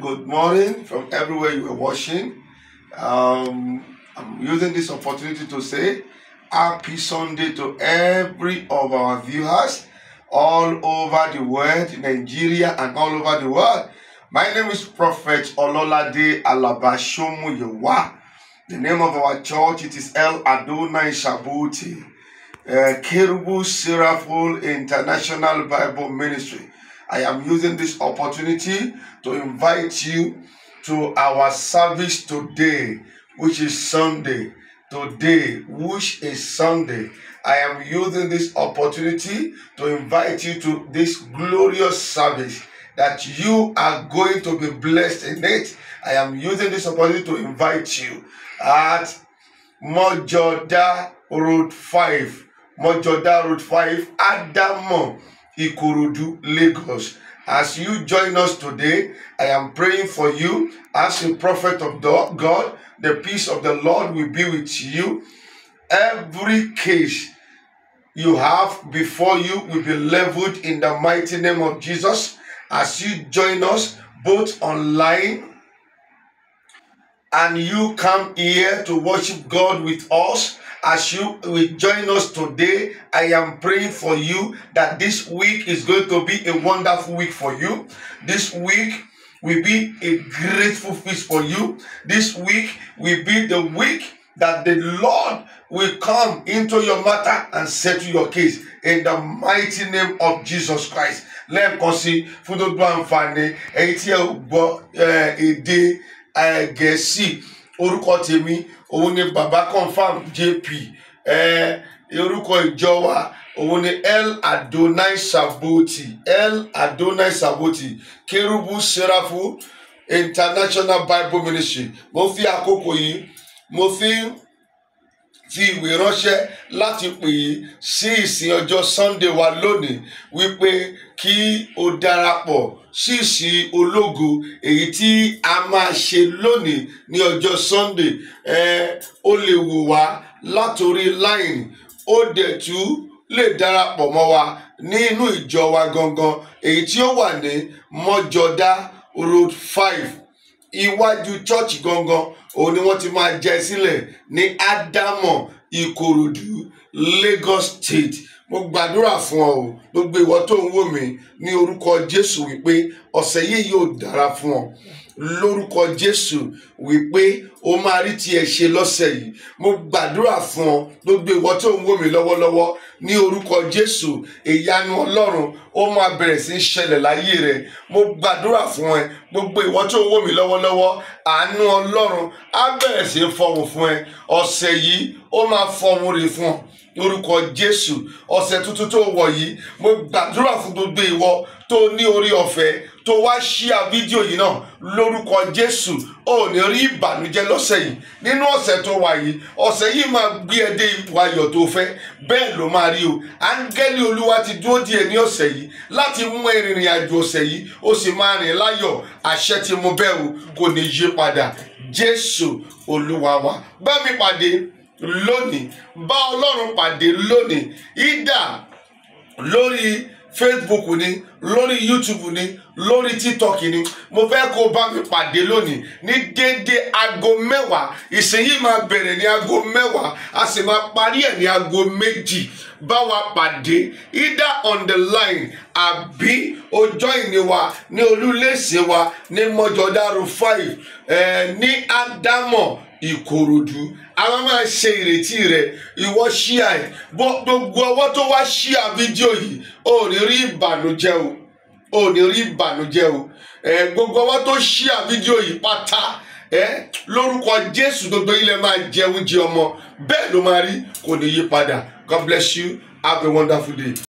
good morning from everywhere you are watching. Um, I'm using this opportunity to say happy Sunday to every of our viewers all over the world, Nigeria and all over the world. My name is Prophet Ololade Alabashomu Yewa. The name of our church, it is El Adonai Shabuti, uh, Kerubu Seraphul International Bible Ministry. I am using this opportunity to invite you to our service today, which is Sunday. Today, which is Sunday, I am using this opportunity to invite you to this glorious service that you are going to be blessed in it. I am using this opportunity to invite you at Mojoda Road 5. Mojoda Road 5, Adamo. Ikurudu, Lagos. As you join us today, I am praying for you as a prophet of God. The peace of the Lord will be with you. Every case you have before you will be leveled in the mighty name of Jesus. As you join us both online and you come here to worship God with us, as you will join us today, I am praying for you that this week is going to be a wonderful week for you. This week will be a grateful feast for you. This week will be the week that the Lord will come into your matter and settle your case in the mighty name of Jesus Christ. Lẹ́ẹ̀kan sí fún tó gbọ́ àǹfààní èyí tí ẹ I guess, eh, eh, Gẹ̀ẹ́sì. orúkọ tèmi òun ni baba confam jp ẹ orúkọ ìjọ wa òun ni el adonai saboti el adonai saboti kerubu serafu international bible ministry mo fi àkókò yìí mo fi fi ìwé ránṣẹ́ láti pè é sí ìsìn ọjọ́ Sunday wa lónìí wípé kí o darapọ̀ sí ìsìn ológo èyí tí a máa ṣe lónìí ní ọjọ́ Sunday ẹ o lè wò wá látòrí line ó dẹ̀ tú lè darapọ̀ mọ́ wa ní inú ìjọ wa gangan èyí tí ó wà ní mọ́jọ́dá road five iwájú chọ́ọ̀chì gangan òun ni wọ́n ti máa jẹ sílẹ̀ ní ádámọ̀ ìkòròdú lagos state mo gbàdúrà fún ọ gbogbo ìwọ tó ń wò mí ní orúkọ jésù wípé ọ̀sẹ̀ yìí yóò dára fún ọ lórúkọ jésù wípé o máa rí tiẹ̀ ṣe lọ́sẹ̀ yìí mo gbàdúrà fún ọ gbogbo ìwọ tó ń wò mí lọ́wọ́lọ́wọ́ ní orúkọ jésù ìyanu ọlọ́run ó máa bẹ̀rẹ̀ sí í ṣẹlẹ̀ láyé rẹ mo gbàdúrà fún ẹ gbogbo ìwọ tó ń wò mí lọ́wọ́lọ́wọ́ àánú ọlọ́run á bẹ̀rẹ̀ sí í fọhùn fún ẹ ọ̀sẹ̀ yìí ó máa fọhùn rè fún ọ lórúkọ jésù ọ̀sẹ̀ tuntun tó wọ̀ yìí mo gbàdúrà fún gbogbo ìwọ tó ní orí ọ̀fẹ́ tó wá ṣíà fídíò yìí náà lórúkọ Jésù ò ní rí ìbànújẹ́ lọ́sẹ̀ yìí nínú ọ̀sẹ̀ tó wà yìí ọ̀sẹ̀ yìí máa gbé ẹ dé ipò ayọ̀ tó fẹ́ bẹ́ẹ̀ ló máa rí o áńgẹ́lì Olúwa ti dúró di ẹni ọ̀sẹ̀ yìí láti mú ìrìnrìn àjò ọ̀sẹ̀ yìí ó sì máa rìn láyọ̀ àṣẹ tí mo bẹ̀ o kò ní yí padà Jésù Olúwa wa bá mi pàdé lónìí bá Ọlọ́run pàdé lónìí ìdá lórí facebook ni lórí youtube ni lórí tiktok ni mo fẹ́ kó o bá mi pàdé lónìí ní déédéé aago mẹ́wàá ìsinyìí máa bẹ̀rẹ̀ ní aago mẹ́wàá a sì máa parí ẹ̀ ní aago méjì bá wa pàdé either on the line àbí ọjọ́ ìní wa ní olúléèsè wa ní mọ́jọ́dáró five eh, ní ádámọ̀ ìkòròdú àwọn máa ṣe ìrètí rẹ ìwọ ṣíà ẹ gbogbo ọwọ́ tó wá ṣíà fídíò yìí ò ní rí ìbànújẹ́ o ò ní rí ìbànújẹ́ o ẹ gbogbo ọwọ́ tó ṣíà fídíò yìí pátá ẹ lórúkọ Jésù gbogbo ilẹ̀ máa jẹ oúnjẹ ọmọ bẹ́ẹ̀ ló máa rí kò ní yí padà God bless you have a wonderful day.